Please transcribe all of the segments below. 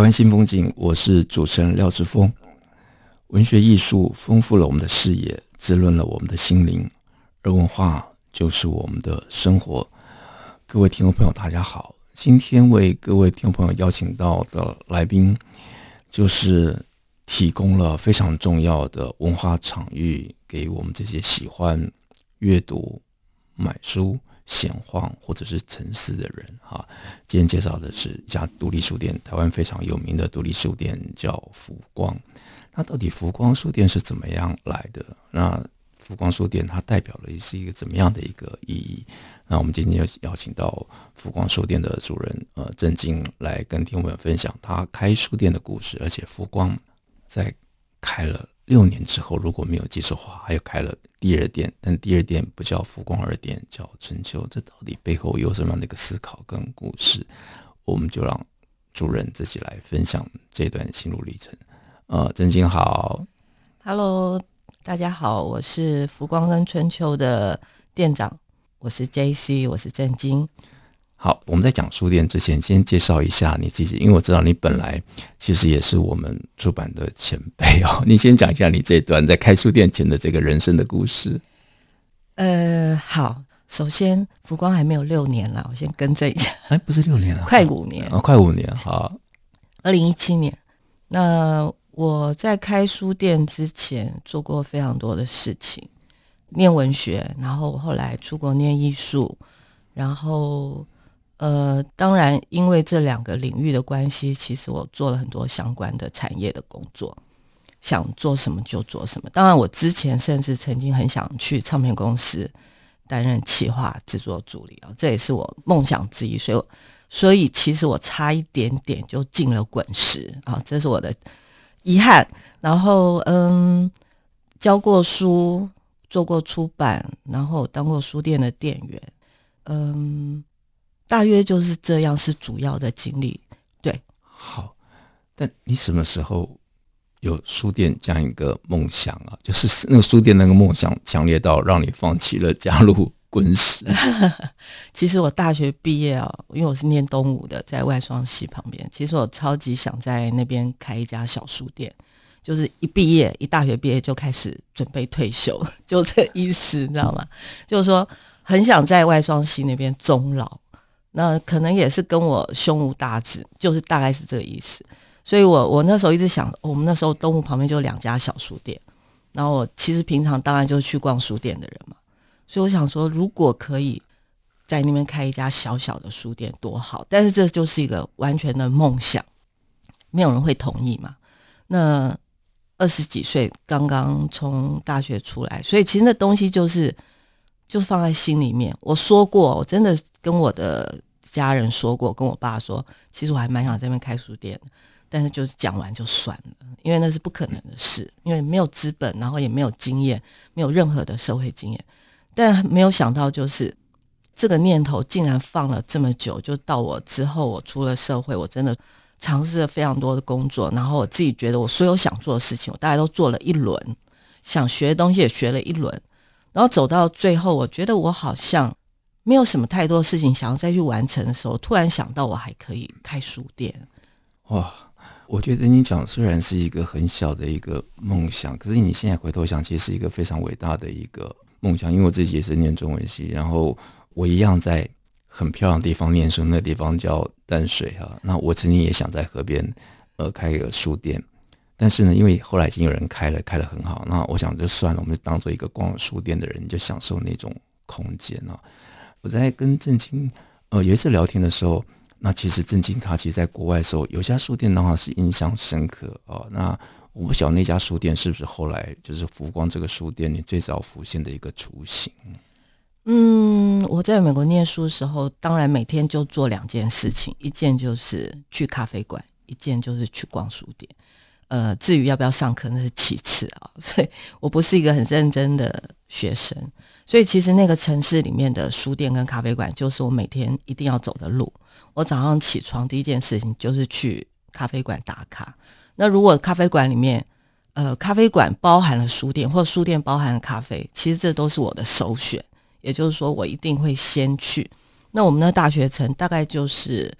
台灣新風景，我是主持人廖志峰。文學藝術豐富了我們的視野，滋潤了我們的心靈，而文化就是我們的生活。各位聽眾朋友，大家好，今天為各位聽眾朋友邀請到的來賓，就是提供了非常重要的文化場域，給我們這些喜歡閱讀、買書。閒晃或者是沉思的人，哈，今天介紹的是一家獨立書店，台灣非常有名的獨立書店叫浮光。那到底浮光書店是怎麼樣來的？那浮光書店它代表了是一個怎麼樣的一個意義？那我們今天要邀請到浮光書店的主人，呃，正菁來跟聽友們分享他開書店的故事，而且浮光在開了。六年之後，如果沒有技術的話，還有開了第二店，但第二店不叫浮光二店，叫春秋。這到底背後有什麼那個思考跟故事？我們就讓主人自己來分享這段心路歷程。呃，正菁好，Hello，大家好，我是浮光跟春秋的店長，我是 JC，我是正菁。好，我們在講書店之前，先介紹一下你自己，因為我知道你本來其實也是我們出版的前輩哦。你先講一下你這段在開書店前的這個人生的故事。呃，好，首先浮光還沒有六年了，我先更正一下，哎，不是六年 快五年，啊、哦，快五年，好。二零一七年，那我在開書店之前做過非常多的事情，念文學，然後我後來出國念藝術，然後。呃，當然，因為這兩個領域的關係，其實我做了很多相關的產業的工作，想做什麼就做什麼。當然，我之前甚至曾經很想去唱片公司擔任企劃製作助理啊，這也是我夢想之一。所以，所以其實我差一點點就進了滾石啊，這是我的遺憾。然後，嗯，教過書，做過出版，然後當過書店的店員，嗯。大約就是這樣，是主要的經歷，對。好，但你什麼時候有書店這樣一個夢想啊？就是那個書店那個夢想強烈到讓你放棄了加入滾石？ 其實我大學畢業啊，因為我是念東吳的，在外雙溪旁邊。其實我超級想在那邊開一家小書店，就是一畢業一大學畢業就開始準備退休，就這意思，你知道嗎？ 就是說很想在外雙溪那邊終老。那可能也是跟我胸無大志，就是大概是這個意思。所以我，我我那時候一直想，我們那時候東湖旁邊就有兩家小書店，然後我其實平常當然就是去逛書店的人嘛。所以我想說，如果可以在那邊開一家小小的書店多好。但是這就是一個完全的夢想，沒有人會同意嘛。那二十幾歲剛剛從大學出來，所以其實那東西就是就放在心裡面。我說過，我真的跟我的。家人說過，跟我爸說，其實我還蠻想在那邊開書店的，但是就是講完就算了，因為那是不可能的事，因為沒有資本，然後也沒有經驗，沒有任何的社會經驗。但沒有想到，就是這個念頭竟然放了這麼久，就到我之後，我出了社會，我真的嘗試了非常多的工作，然後我自己覺得我所有想做的事情，我大概都做了一輪，想學的東西也學了一輪，然後走到最後，我覺得我好像。沒有什麼太多事情想要再去完成的時候，突然想到我還可以開書店。哇，我覺得你講雖然是一個很小的一個夢想，可是你現在回頭想，其實是一個非常偉大的一個夢想。因為我自己也是念中文系，然後我一樣在很漂亮的地方念書，那個地方叫淡水哈，啊。那我曾經也想在河邊，呃，開一個書店，但是呢，因為後來已經有人開了，開得很好，那我想就算了，我們就當做一個逛書店的人，就享受那種空間，啊。我在跟正菁，呃，有一次聊天的時候，那其實正菁他其實，在國外的時候，有家書店的話是印象深刻哦，那我不曉得那家書店是不是後來就是浮光這個書店，你最早浮現的一個雛形？嗯，我在美國念書的時候，當然每天就做兩件事情，一件就是去咖啡館，一件就是去逛書店。呃，至於要不要上課，那是其次啊。所以我不是一個很認真的學生。所以其實那個城市裡面的書店跟咖啡館，就是我每天一定要走的路。我早上起床第一件事情就是去咖啡館打卡。那如果咖啡館裡面，呃，咖啡館包含了書店，或者書店包含了咖啡，其實這都是我的首選。也就是說，我一定會先去。那我們的大學城大概就是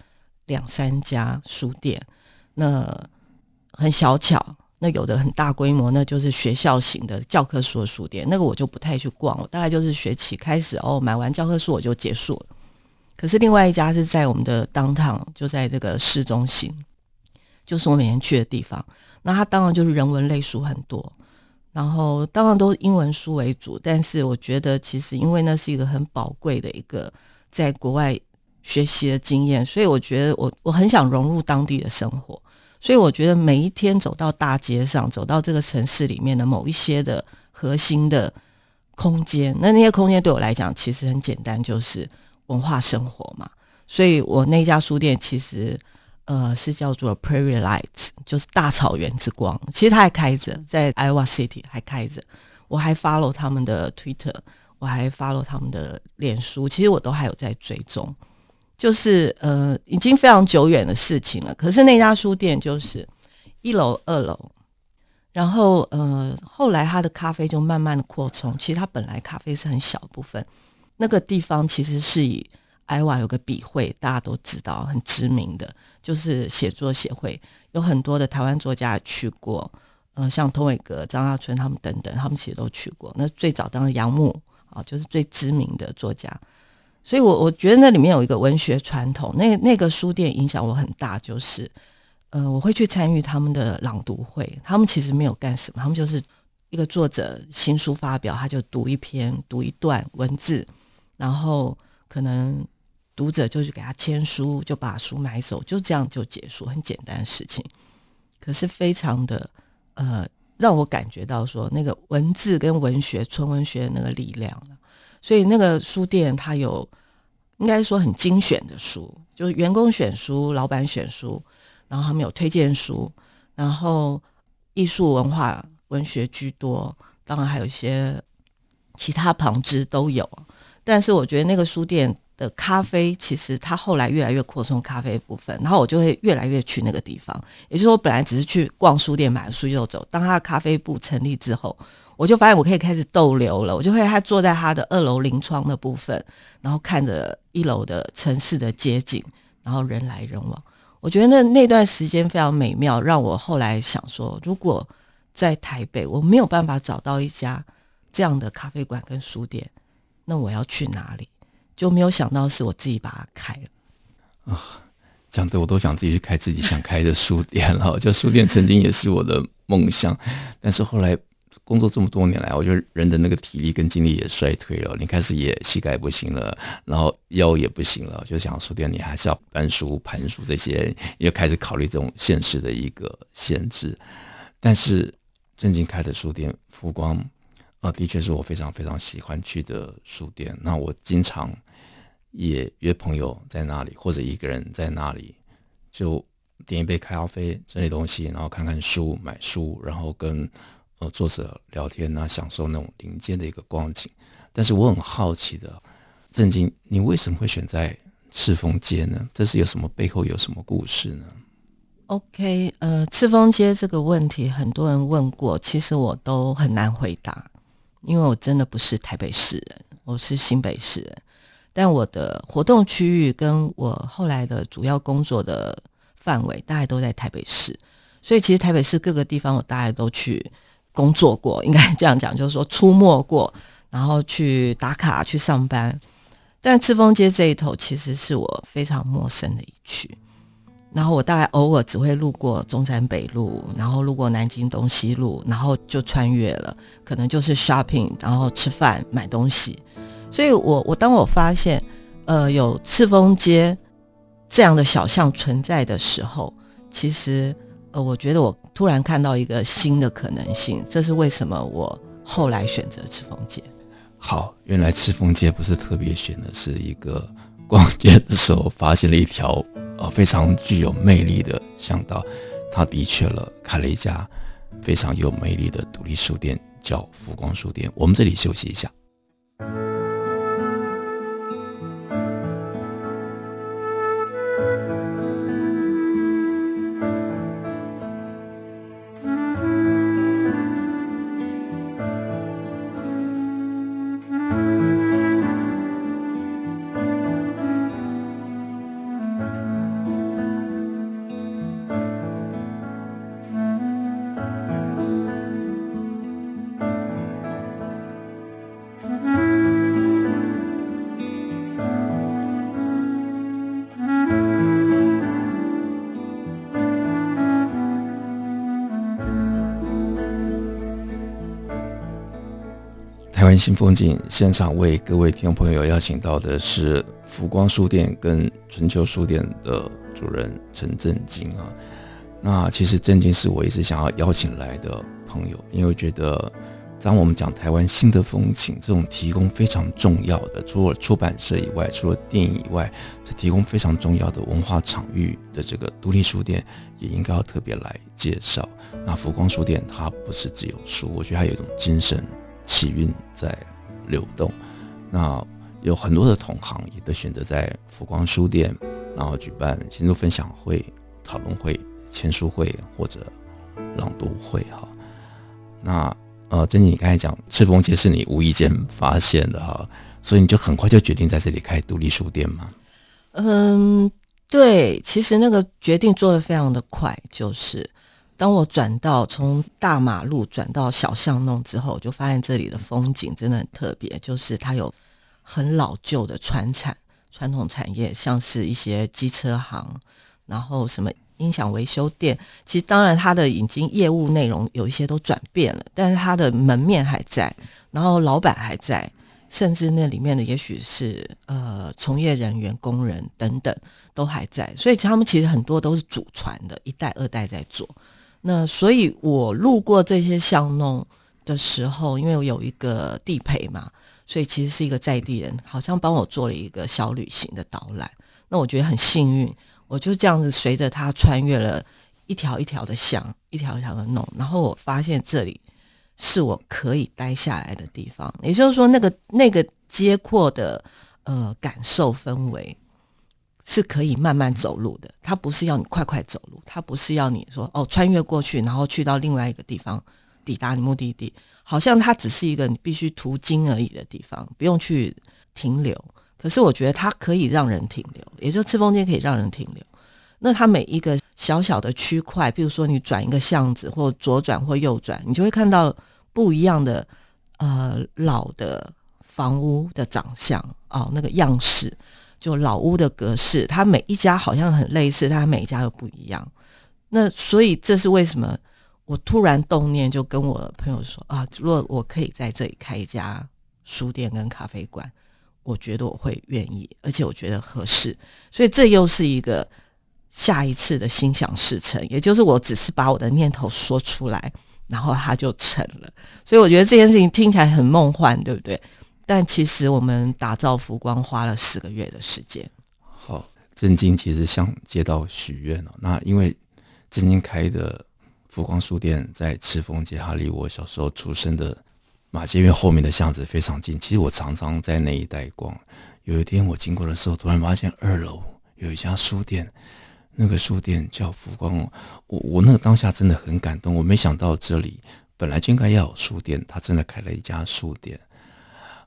兩三家書店。那。很小巧，那有的很大規模，那就是學校型的教科書的書店，那個我就不太去逛。我大概就是學期開始哦，買完教科書我就結束了。可是另外一家是在我們的 downtown，就在這個市中心，就是我每天去的地方。那它當然就是人文類書很多，然後當然都是英文書為主。但是我覺得，其實因為那是一個很寶貴的一個在國外學習的經驗，所以我覺得我我很想融入當地的生活。所以我覺得每一天走到大街上，走到這個城市裡面的某一些的核心的空間，那那些空間對我來講其實很簡單，就是文化生活嘛。所以我那家書店其實，呃，是叫做 Prairie Lights，就是大草原之光。其實它還開着，在 Iowa City 還開着，我還 follow 他們的 Twitter，我還 follow 他們的臉書，其實我都還有在追蹤。就是呃，已經非常久遠的事情了。可是那家書店就是一樓、二樓，然後呃，後來它的咖啡就慢慢的擴充。其實它本來咖啡是很小部分，那個地方其實是以艾瓦有個筆會，大家都知道很知名的就是寫作協會，有很多的台灣作家也去過，呃，像童偉格、張亞春他們等等，他們其實都去過。那最早當然楊牧啊，就是最知名的作家。所以我，我我覺得那裡面有一個文學傳統，那個那個書店影響我很大，就是，呃，我會去參與他們的朗讀會。他們其實沒有幹什麼，他們就是一個作者新書發表，他就讀一篇、讀一段文字，然後可能讀者就去給他簽書，就把書買走，就這樣就結束，很簡單的事情。可是非常的呃，讓我感覺到說，那個文字跟文學、純文學的那個力量所以那個書店它有，應該說很精選的書，就是員工選書、老闆選書，然後他們有推薦書，然後藝術、文化、文學居多，當然還有一些其他旁支都有。但是我覺得那個書店的咖啡，其實它後來越來越擴充咖啡部分，然後我就會越來越去那個地方。也就是說，我本來只是去逛書店、買了書就走，當它的咖啡部成立之後。我就發現我可以開始逗留了，我就會還坐在他的二樓臨窗的部分，然後看着一樓的城市的街景，然後人來人往，我覺得那那段時間非常美妙，讓我後來想說，如果在台北我沒有辦法找到一家這樣的咖啡館跟書店，那我要去哪裡？就沒有想到是我自己把它開了。啊、哦，講的我都想自己去開自己想開的書店了， 就書店曾經也是我的夢想，但是後來。工作這麼多年來，我覺得人的那個體力跟精力也衰退了。你開始也膝蓋也不行了，然後腰也不行了，就想書店你還是要搬書、盤書這些，又開始考慮這種現實的一個限制。但是最近開的書店浮光，啊、呃，的確是我非常非常喜歡去的書店。那我經常也約朋友在那裡，或者一個人在那裡，就點一杯咖啡這類東西，然後看看書、買書，然後跟。呃，作者聊天啊，享受那種林間的一個光景。但是我很好奇的，正菁，你為什麼會選在赤峰街呢？這是有什麼背後有什麼故事呢？OK，呃，赤峰街這個問題很多人問過，其實我都很難回答，因為我真的不是台北市人，我是新北市人。但我的活動區域跟我後來的主要工作的範圍，大概都在台北市，所以其實台北市各個地方我大概都去，工作過，應該這樣講，就是說出沒過，然後去打卡，去上班。但赤峰街這一頭其實是我非常陌生的一區，然後我大概偶爾只會路過中山北路，然後路過南京東西路，然後就穿越了，可能就是 shopping，然後吃飯買東西。所以我，我我當我發現，呃，有赤峰街這樣的小巷存在的時候，其實，呃，我覺得我突然看到一個新的可能性，這是為什麼我後來選擇赤峰街。好，原來赤峰街不是特別選的，是一個逛街的時候發現了一條呃非常具有魅力的巷道，它的確了開了一家非常有魅力的獨立書店，叫浮光書店。我們這裡休息一下。台灣新風景現場，為各位聽眾朋友邀請到的是浮光書店跟春秋書店的主人陳正菁啊。那其實正菁是我一直想要邀請來的朋友，因為我覺得當我們講台灣新的風景，這種提供非常重要的，除了出版社以外，除了電影以外，這提供非常重要的文化場域的這個獨立書店，也應該要特別來介紹。那浮光書店它不是只有書，我覺得還有一種精神。氣韻在流動，那有很多的同行也都選擇在浮光書店，然後舉辦簽書分享會、討論會、簽書會或者朗讀會哈。那呃，正菁，你剛才講赤峰街是你無意間發現的哈，所以你就很快就決定在這裡開獨立書店嘛？嗯，對，其實那個決定做得非常的快，就是。當我轉到從大馬路轉到小巷弄之後，我就發現這裡的風景真的很特別。就是它有很老舊的傳產傳統產業，像是一些機車行，然後什麼音響維修店。其實當然它的已經業務內容有一些都轉變了，但是它的門面還在，然後老闆還在，甚至那裡面的也許是呃從業人員、工人等等都還在。所以他們其實很多都是祖傳的，一代、二代在做。那所以，我路過這些巷弄的時候，因為我有一個地陪嘛，所以其實是一個在地人，好像幫我做了一個小旅行的導覽。那我覺得很幸運，我就這樣子隨着他穿越了一條一條的巷，一條一條的弄，然後我發現這裡是我可以待下來的地方。也就是說，那個那個街廓的呃感受氛圍。是可以慢慢走路的，它不是要你快快走路，它不是要你說哦，穿越過去，然後去到另外一個地方抵達你目的地，好像它只是一個你必須途經而已的地方，不用去停留。可是我覺得它可以讓人停留，也就是赤峰街可以讓人停留。那它每一個小小的區塊，比如說你轉一個巷子或左轉或右轉，你就會看到不一樣的呃老的房屋的長相哦，那個樣式。就老屋的格式，它每一家好像很類似，但它每一家又不一樣。那所以這是為什麼？我突然動念就跟我朋友說啊，如果我可以在這裡開一家書店跟咖啡館，我覺得我會願意，而且我覺得合適。所以這又是一個下一次的心想事成，也就是我只是把我的念頭說出來，然後它就成了。所以我覺得這件事情聽起來很夢幻，對不對？但其實我們打造浮光花了四個月的時間。好，正菁其實向街道許願了，哦。那因為正菁開的浮光書店在赤峰街，它離我小時候出生的馬偕院後面的巷子，非常近。其實我常常在那一帶逛。有一天我經過的時候，突然發現二樓有一家書店，那個書店叫浮光。我我那個當下真的很感動。我沒想到這裡本來就應該要有書店，他真的開了一家書店。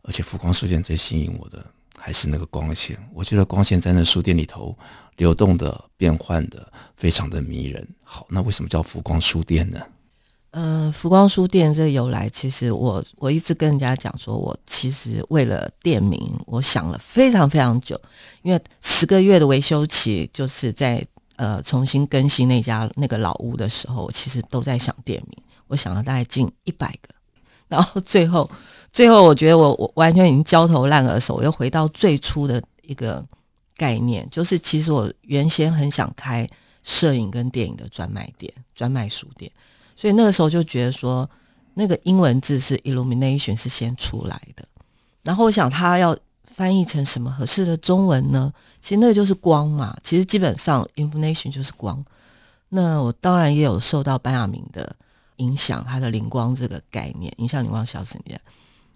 而且浮光書店最吸引我的還是那個光線，我覺得光線在那書店裡頭流動的、變換的，非常的迷人。好，那為什麼叫浮光書店呢？嗯、呃，浮光書店這由來，其實我我一直跟人家講說，我其實為了店名，我想了非常非常久，因為十個月的維修期，就是在呃重新更新那家那個老屋的時候，我其實都在想店名，我想了大概近一百個。然後最後，最後我覺得我我完全已經焦頭爛額的時候，我又回到最初的一個概念，就是其實我原先很想開攝影跟電影的專賣店、專賣書店，所以那個時候就覺得說，那個英文字是 illumination 是先出來的，然後我想它要翻譯成什麼合適的中文呢？其實那個就是光嘛，其實基本上 illumination 就是光。那我當然也有受到班亞明的。影響它的靈光這個概念，影響靈光消失你這樣，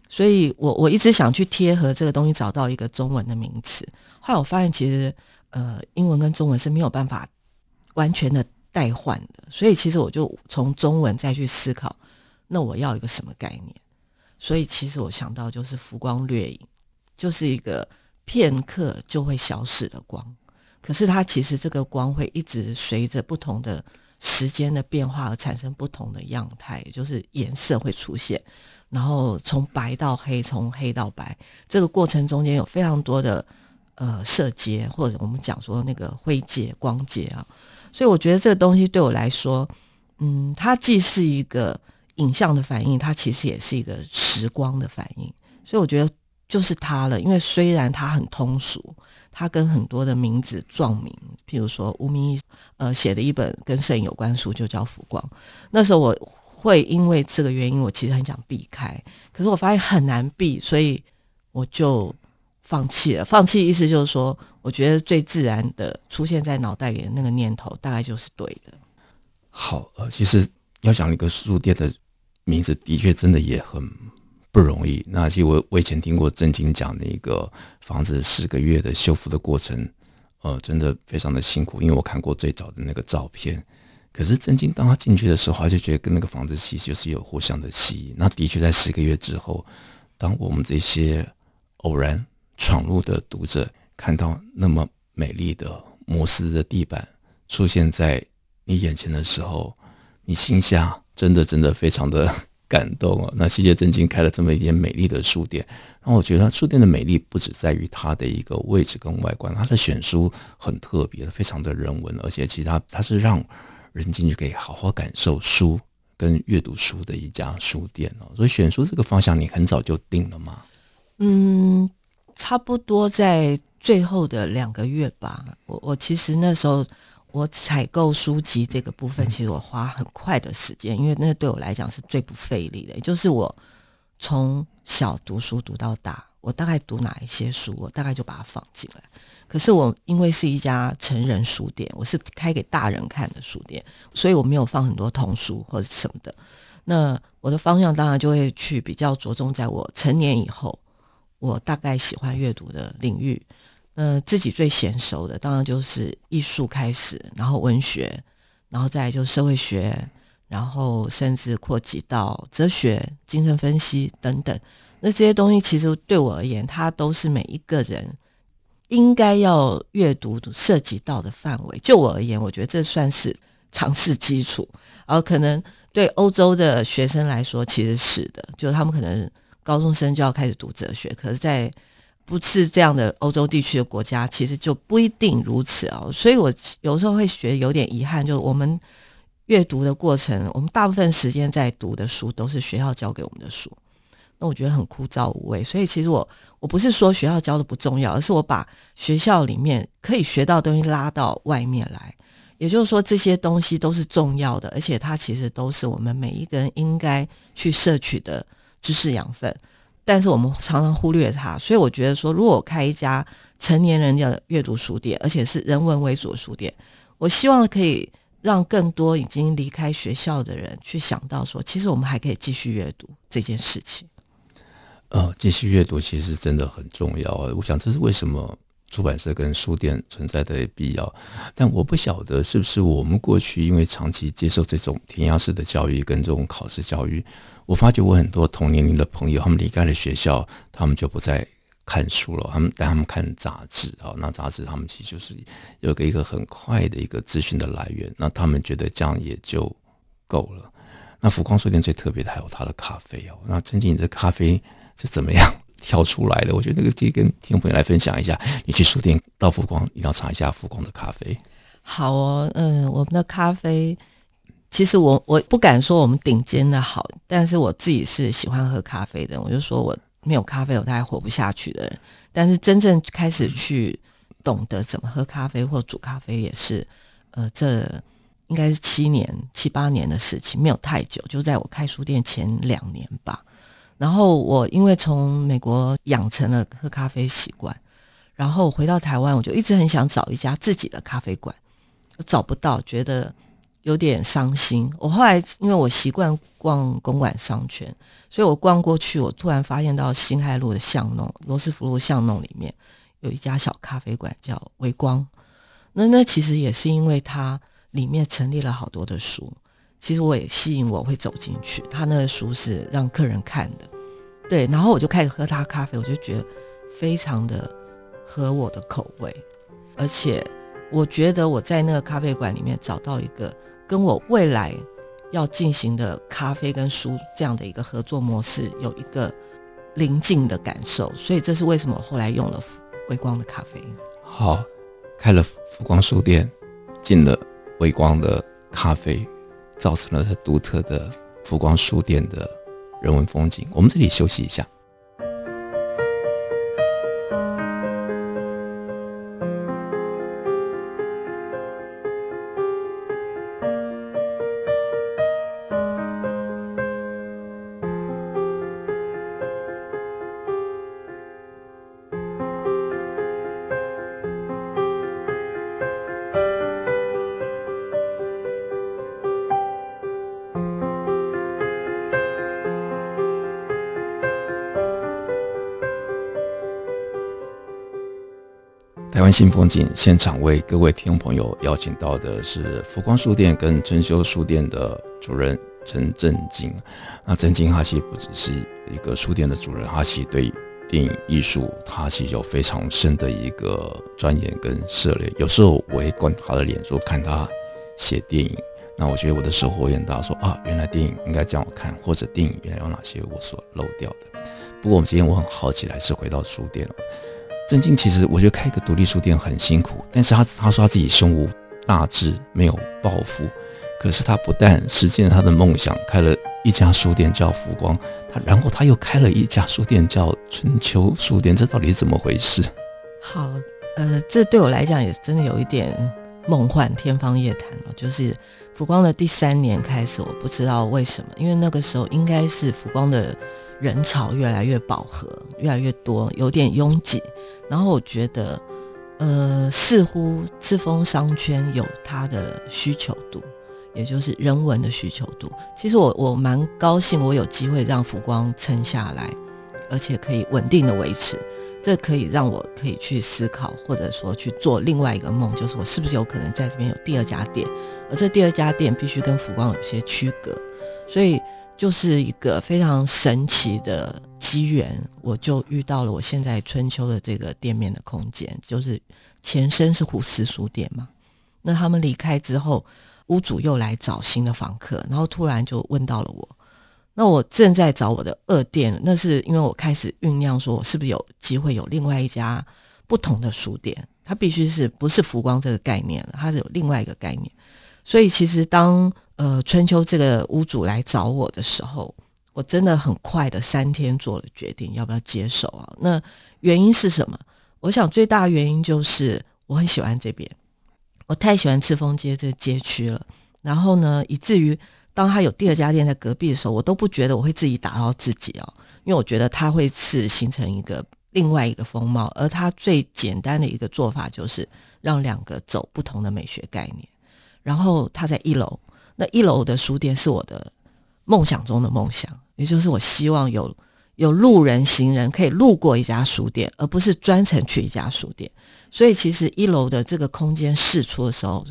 所以我我一直想去貼合這個東西，找到一個中文的名詞。後來我發現，其實呃，英文跟中文是沒有辦法完全的代換的，所以其實我就從中文再去思考，那我要一個什麼概念？所以其實我想到就是浮光掠影，就是一個片刻就會消失的光，可是它其實這個光會一直隨着不同的。時間的變化而產生不同的樣態，也就是顏色會出現，然後從白到黑，從黑到白，這個過程中間有非常多的呃色階或者我們講說那個灰階、光階啊，所以我覺得這個東西對我來說，嗯，它既是一個影像的反應，它其實也是一個時光的反應，所以我覺得。就是他了，因為雖然他很通俗，他跟很多的名字撞名，譬如說吳明益呃寫的一本跟攝影有關的書就叫《浮光》，那時候我會因為這個原因，我其實很想避開，可是我發現很難避，所以我就放棄了。放棄意思就是說，我覺得最自然的出現在腦袋裡的那個念頭，大概就是對的。好了，呃，其實要講一個書店的名字，的確真的也很。不容易。那其實我我以前聽過正菁講的一個房子四個月的修復的過程，呃，真的非常的辛苦。因為我看過最早的那個照片。可是正菁當他進去的時候，他就覺得跟那個房子其實就是有互相的吸引。那的確在十個月之後，當我們這些偶然闖入的讀者看到那麼美麗的磨石的地板出現在你眼前的時候，你心下真的真的非常的。感動啊！那赤峰街曾經開了這麼一間美麗的書店，那我覺得書店的美麗不只在於它的一個位置跟外觀，它的選書很特別，非常的人文，而且其他它，它是讓人進去可以好好感受書跟閱讀書的一家書店哦。所以選書這個方向，你很早就定了嗎？嗯，差不多在最後的兩個月吧。我我其實那時候。我採購書籍這個部分，其實我花很快的時間，因為那對我來講是最不費力的，也就是我從小讀書讀到大，我大概讀哪一些書，我大概就把它放進來。可是我因為是一家成人書店，我是開給大人看的書店，所以我沒有放很多童書或者什麼的。那我的方向當然就會去比較着重在我成年以後，我大概喜歡閱讀的領域。呃，自己最嫻熟的當然就是藝術開始，然後文學，然後再來就社會學，然後甚至擴及到哲學、精神分析等等。那這些東西其實對我而言，它都是每一個人應該要閱讀涉及到的範圍。就我而言，我覺得這算是常識基礎。而可能對歐洲的學生來說，其實是的，就他們可能高中生就要開始讀哲學，可是，在不是這樣的，歐洲地區的國家其實就不一定如此哦，所以我有時候會覺得有點遺憾，就是我們閱讀的過程，我們大部分時間在讀的書都是學校教給我們的書，那我覺得很枯燥無味。所以其實我我不是說學校教的不重要，而是我把學校裡面可以學到的東西拉到外面來，也就是說這些東西都是重要的，而且它其實都是我們每一個人應該去攝取的知識養分。但是我們常常忽略它，所以我覺得說，如果我開一家成年人的閱讀書店，而且是人文為主的書店，我希望可以讓更多已經離開學校的人去想到說，其實我們還可以繼續閱讀這件事情。呃，繼續閱讀其實真的很重要啊，我想這是為什麼。出版社跟書店存在的必要，但我不曉得是不是我們過去因為長期接受這種填鴨式的教育跟這種考試教育，我發覺我很多同年齡的朋友，他們離開了學校，他們就不再看書了，他們帶他們看雜誌啊，那雜誌他們其實就是有個一個很快的一個資訊的來源，那他們覺得這樣也就夠了。那浮光書店最特別的還有他的咖啡哦，那正菁，你的咖啡是怎麼樣？挑出來的，我覺得那個可以跟聽眾朋友來分享一下。你去書店到浮光，一定要嘗一下浮光的咖啡。好哦，嗯，我們的咖啡，其實我我不敢說我們頂尖的好，但是我自己是喜歡喝咖啡的。我就說我沒有咖啡，我大概活不下去的人。但是真正開始去懂得怎麼喝咖啡或煮咖啡，也是呃，這應該是七年、七八年的事情，沒有太久，就在我開書店前兩年吧。然後我因為從美國養成了喝咖啡習慣，然後回到台灣，我就一直很想找一家自己的咖啡館，找不到，覺得有點傷心。我後來因為我習慣逛公館商圈，所以我逛過去，我突然發現到辛亥路的巷弄，羅斯福路巷弄裡面，有一家小咖啡館叫微光。那那其實也是因為它裡面成立了好多的書。其實我也吸引，我會走進去。他那個書是讓客人看的，對。然後我就開始喝他咖啡，我就覺得非常的合我的口味，而且我覺得我在那個咖啡館裡面找到一個跟我未來要進行的咖啡跟書這樣的一個合作模式，有一個臨近的感受，所以這是為什麼我後來用了微光的咖啡，好，開了浮光書店，進了微光的咖啡。造成了它獨特的浮光書店的人文風景。我們這裡休息一下。台灣新風景現場為各位聽眾朋友邀請到的是浮光書店跟春秋書店的主人陳正菁。那正菁他其實不只是一個書店的主人，他其實對電影藝術，他其實有非常深的一個鑽研跟涉獵。有時候我也會逛他的臉書，看他寫電影，那我覺得我的收穫也很大，說啊，原來電影應該這樣看，或者電影原來有哪些我所漏掉的。不過我們今天我很好奇，還是回到書店了。正菁，其實我覺得開一個獨立書店很辛苦，但是他他說他自己胸無大志，沒有抱負，可是他不但實現了他的夢想，開了一家書店叫浮光，他然後他又開了一家書店叫春秋書店，這到底是怎麼回事？好，呃，這對我來講也真的有一點夢幻天方夜譚哦。就是浮光的第三年開始，我不知道為什麼，因為那個時候應該是浮光的。人潮越來越飽和，越來越多，有點擁擠。然後我覺得，呃，似乎赤峰商圈有它的需求度，也就是人文的需求度。其實我我蠻高興，我有機會讓浮光撐下來，而且可以穩定的維持。這可以讓我可以去思考，或者說去做另外一個夢，就是我是不是有可能在這邊有第二家店，而這第二家店必須跟浮光有些區隔。所以。就是一個非常神奇的機緣，我就遇到了我現在春秋的這個店面的空間，就是前身是胡思書店嘛。那他們離開之後，屋主又來找新的房客，然後突然就問到了我。那我正在找我的二店，那是因為我開始醞釀說，我是不是有機會有另外一家不同的書店？它必須是不是浮光這個概念了，它是有另外一個概念。所以其實當。呃，春秋這個屋主來找我的時候，我真的很快的三天做了決定，要不要接手啊？那原因是什麼？我想最大原因就是我很喜歡這邊，我太喜歡赤峰街這個街區了。然後呢，以至於當他有第二家店在隔壁的時候，我都不覺得我會自己打擾自己哦，因為我覺得他會是形成一個另外一個風貌。而他最簡單的一個做法就是讓兩個走不同的美學概念，然後他在一樓。那一樓的書店是我的夢想中的夢想，也就是我希望有有路人行人可以路過一家書店，而不是專程去一家書店。所以，其實一樓的這個空間釋出的時候，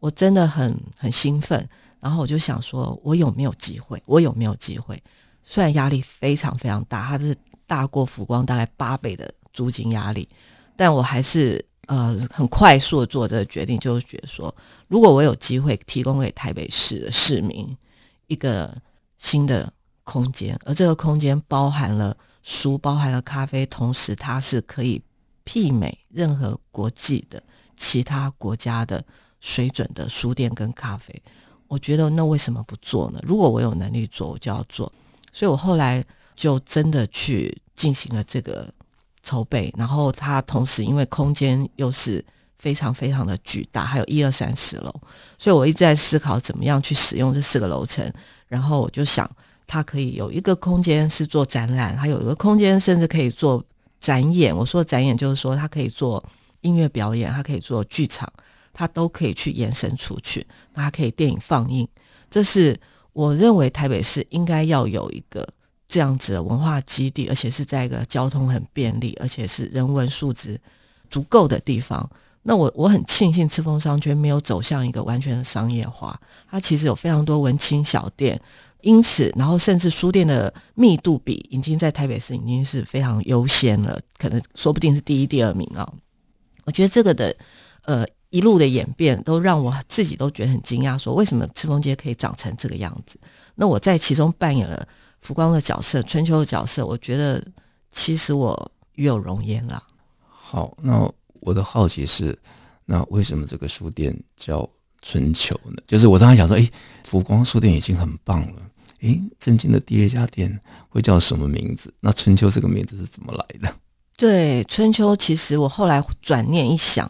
我真的很很興奮。然後我就想說，我有沒有機會？我有沒有機會？雖然壓力非常非常大，它是大過浮光大概八倍的租金壓力，但我還是。呃，很快速的做這個決定，就是覺得說，如果我有機會提供給台北市的市民一個新的空間，而這個空間包含了書，包含了咖啡，同時它是可以媲美任何國際的其他國家的水準的書店跟咖啡，我覺得那為什麼不做呢？如果我有能力做，我就要做。所以我後來就真的去進行了這個。籌備，然後它同時因為空間又是非常非常的巨大，還有一二三四樓，所以我一直在思考怎麼樣去使用這四個樓層。然後我就想，它可以有一個空間是做展覽，還有一個空間甚至可以做展演。我說的展演就是說它可以做音樂表演，它可以做劇場，它都可以去延伸出去。它可以電影放映，這是我認為台北市應該要有一個這樣子的文化基地，而且是在一個交通很便利，而且是人文素質足夠的地方。那我我很慶幸赤峰商圈沒有走向一個完全的商業化，它其實有非常多文青小店，因此，然後甚至書店的密度比已經在台北市已經是非常優先了，可能說不定是第一、第二名啊、哦。我覺得這個的呃一路的演變，都讓我自己都覺得很驚訝，說為什麼赤峰街可以長成這個樣子？那我在其中扮演了。浮光的角色，春秋的角色，我覺得其實我與有榮焉了。好，那我的好奇是，那為什麼這個書店叫春秋呢？就是我當時想說，誒，浮光書店已經很棒了，誒，正菁的第一家店會叫什麼名字？那春秋這個名字是怎麼來的？對，春秋其實我後來轉念一想，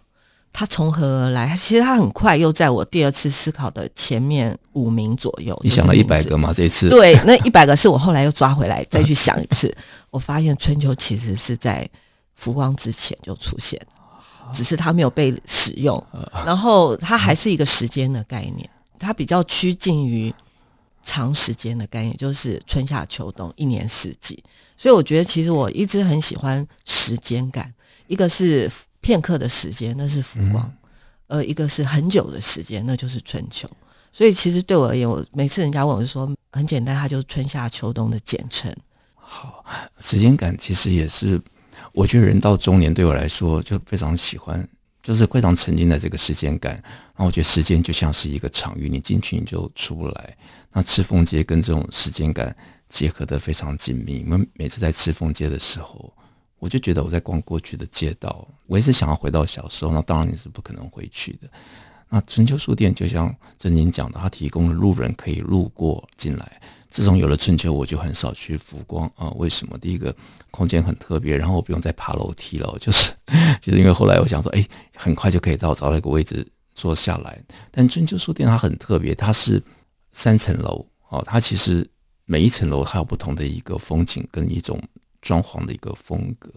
它從何而來？其實它很快又在我第二次思考的前面五名左右。就是、你想了一百個嗎？這一次？對，那一百個是我後來又抓回來再去想一次。 我發現春秋其實是在浮光之前就出現，只是它沒有被使用。然後它還是一個時間的概念，它比較趨近於長時間的概念，就是春夏秋冬一年四季。所以我覺得，其實我一直很喜歡時間感，一個是。片刻的時間，那是浮光，呃，嗯、一個是很久的時間，那就是春秋。所以其實對我而言，我每次人家問我就說，很簡單，它就是春夏秋冬的簡稱。好，時間感其實也是，我覺得人到中年對我來說就非常喜歡，就是非常沉浸在這個時間感。然後我覺得時間就像是一個場域，你進去你就出不來。那赤峰街跟這種時間感結合的非常緊密，因為每次在赤峰街的時候，我就覺得我在逛過去的街道，我一直想要回到小時候。那當然你是不可能回去的。那春秋書店就像正菁講的，它提供了路人可以路過進來。自從有了春秋，我就很少去浮光啊。為什麼？第一個空間很特別，然後我不用再爬樓梯了。就是就是因為後來我想說，哎，很快就可以到找那個位置坐下來。但春秋書店它很特別，它是三層樓啊，它其實每一層樓它有不同的一個風景跟一種。裝潢的一個風格。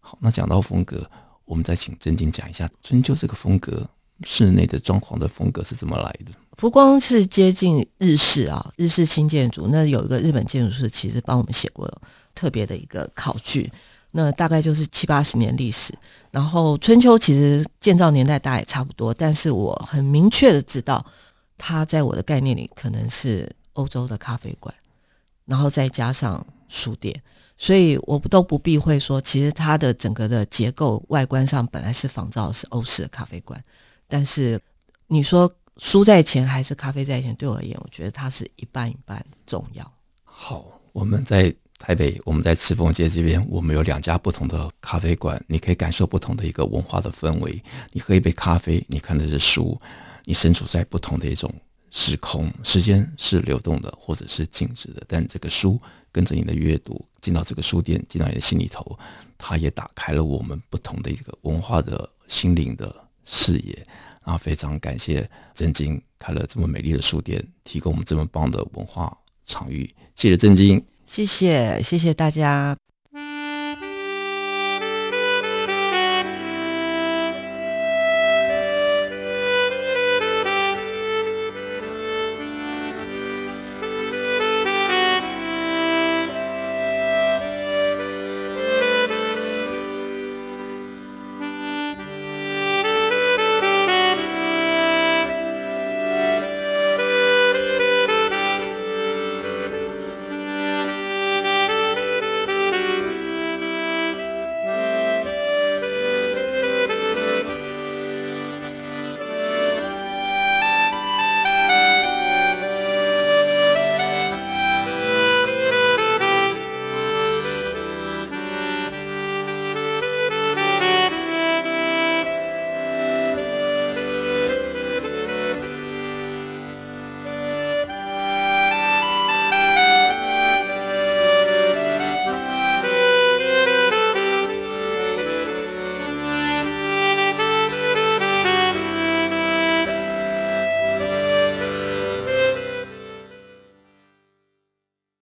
好，那講到風格，我們再請正菁講一下春秋這個風格室內的裝潢的風格是怎麼來的？浮光是接近日式啊，日式新建築。那有一個日本建築師其實幫我們寫過特別的一個考據，那大概就是七八十年歷史。然後春秋其實建造年代大概也差不多，但是我很明確的知道，它在我的概念裡可能是歐洲的咖啡館，然後再加上書店。所以我不都不避諱說，其實它的整個的結構外觀上本來是仿造是歐式的咖啡館，但是你說書在前還是咖啡在前，對我而言，我覺得它是一半一半重要。好，我們在台北，我們在赤峰街這邊，我們有兩家不同的咖啡館，你可以感受不同的一個文化的氛圍。你喝一杯咖啡，你看的是書，你身處在不同的一種時空，時間是流動的，或者是靜止的。但這個書跟着你的閱讀，進到這個書店，進到你的心裡頭，它也打開了我們不同的一個文化的心靈的視野。啊，非常感謝正菁開了這麼美麗的書店，提供我們這麼棒的文化場域。謝謝正菁，謝謝，謝謝大家。